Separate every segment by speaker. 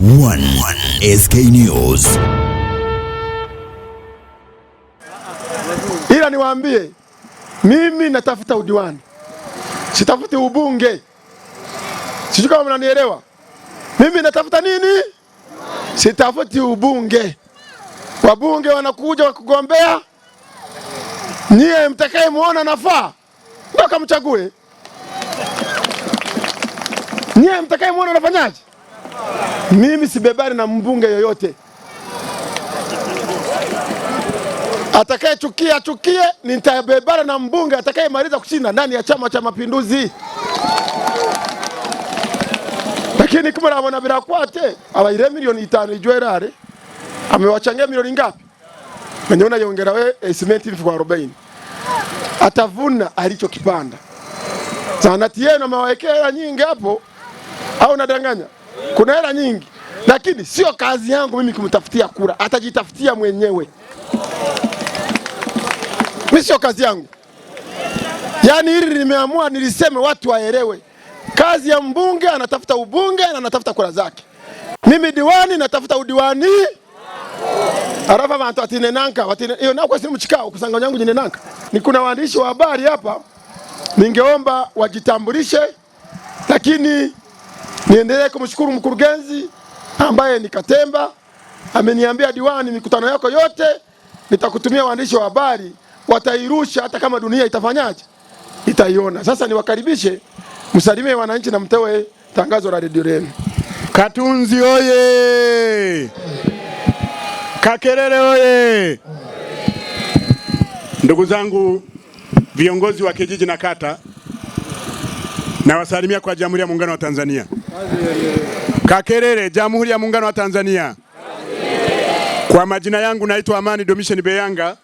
Speaker 1: One, SK News.
Speaker 2: Ila niwaambie mimi natafuta udiwani, sitafuti ubunge. Sijui kama mnanielewa. Mimi natafuta nini? Sitafuti ubunge. Wabunge wanakuja wakugombea, nyie mtakaye muona nafaa ndio kamchague. Nyie mtakaye muona nafanyaje mimi sibebani na mbunge yoyote, atakayechukia achukie, nitabebana na mbunge atakayemaliza kushinda ndani ya Chama cha Mapinduzi. Lakini kumbe nabona birakwate abaire milioni itano rare amewachangia milioni ngapi? Mwenyewe yongera we simenti elfu arobaini atavuna alichokipanda. Zanati yenu amewawekea nyingi hapo au nadanganya? kuna hela nyingi, lakini sio kazi yangu mimi kumtafutia kura, atajitafutia mwenyewe. Mimi sio kazi yangu. Yaani hili nimeamua niliseme, watu waelewe, kazi ya mbunge anatafuta ubunge na anatafuta kura zake. Mimi diwani natafuta udiwani arafu abantu atinenanka iyo nako si mchikao kusanga nyangu jinenanka. Ni kuna waandishi wa habari hapa, ningeomba wajitambulishe lakini Niendelee kumshukuru mkurugenzi ambaye ni Katemba, ameniambia diwani, mikutano yako yote nitakutumia waandishi wa habari watairusha, hata kama dunia itafanyaje, itaiona. Sasa niwakaribishe msalimie wananchi na mtewe tangazo la redio yenu.
Speaker 3: Katunzi oye! Kakerere oye! Ndugu zangu viongozi wa kijiji na kata, nawasalimia kwa Jamhuri ya Muungano wa Tanzania. Kakerere, Jamhuri ya Muungano wa Tanzania. Kwa majina yangu naitwa Amani domishen Beyanga.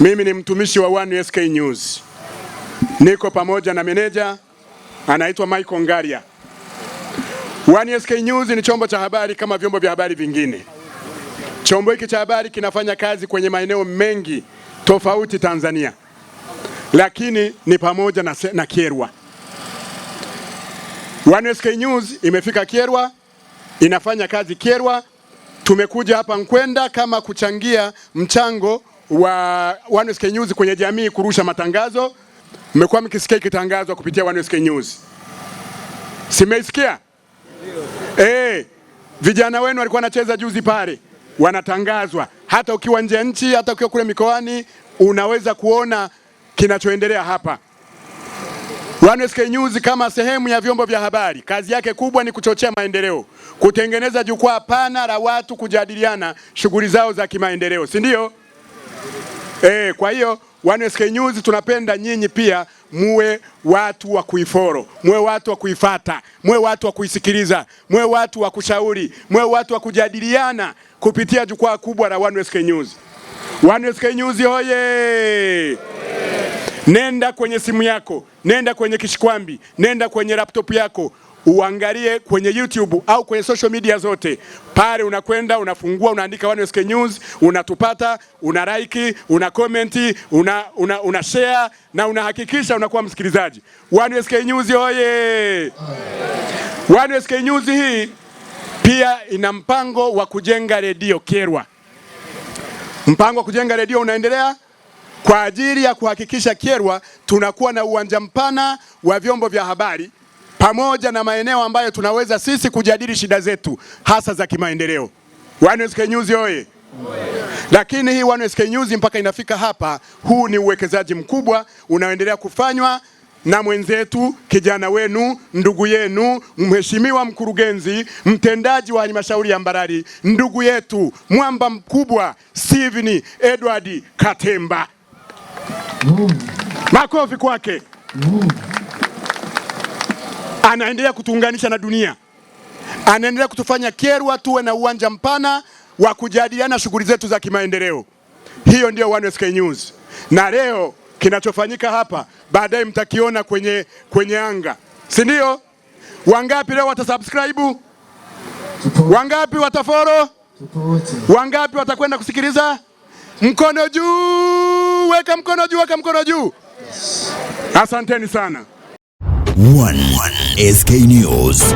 Speaker 3: Mimi ni mtumishi wa One SK News. Niko pamoja na meneja anaitwa Michael Ngaria. One SK News ni chombo cha habari kama vyombo vya habari vingine. Chombo hiki cha habari kinafanya kazi kwenye maeneo mengi tofauti Tanzania, lakini ni pamoja na, na Kyerwa. One SK News imefika Kyerwa, inafanya kazi Kyerwa. Tumekuja hapa Nkwenda kama kuchangia mchango wa One SK News kwenye jamii, kurusha matangazo. Mmekuwa mkisikia ikitangazwa kupitia One SK News, simeisikia eh? Vijana wenu walikuwa wanacheza juzi pale, wanatangazwa. Hata ukiwa nje ya nchi, hata ukiwa kule mikoani, unaweza kuona kinachoendelea hapa. One SK News kama sehemu ya vyombo vya habari, kazi yake kubwa ni kuchochea maendeleo, kutengeneza jukwaa pana la watu kujadiliana shughuli zao za kimaendeleo, si ndio? Eh, kwa hiyo One SK News tunapenda nyinyi pia muwe watu wa kuiforo, muwe watu wa kuifata, muwe watu wa kuisikiliza, muwe watu wa kushauri, muwe watu wa kujadiliana kupitia jukwaa kubwa la One SK News. One SK News hoye! Nenda kwenye simu yako, nenda kwenye kishikwambi, nenda kwenye laptop yako, uangalie kwenye YouTube au kwenye social media zote. Pale unakwenda unafungua, unaandika One sk News, unatupata, una like, una comment, una, una, una share na unahakikisha unakuwa msikilizaji One sk News. Oye, One sk News hii pia ina mpango wa kujenga redio Kyerwa. Mpango wa kujenga redio unaendelea kwa ajili ya kuhakikisha Kyerwa tunakuwa na uwanja mpana wa vyombo vya habari pamoja na maeneo ambayo tunaweza sisi kujadili shida zetu hasa za kimaendeleo. One SK News oye! Lakini hii One SK News mpaka inafika hapa, huu ni uwekezaji mkubwa unaoendelea kufanywa na mwenzetu kijana wenu ndugu yenu Mheshimiwa mkurugenzi mtendaji wa halmashauri ya Mbarali, ndugu yetu mwamba mkubwa Steven Edward Katemba. Makofi kwake Anaendelea kutuunganisha na dunia, anaendelea kutufanya Kyerwa tuwe na uwanja mpana wa kujadiliana shughuli zetu za kimaendeleo. Hiyo ndio One SK News, na leo kinachofanyika hapa baadaye mtakiona kwenye, kwenye anga, si ndio? Wangapi leo watasubscribe? Wangapi wataforo? Wangapi watakwenda kusikiliza? Mkono juu! juu, weka mkono juu, weka mkono juu. Asanteni sana. One SK News.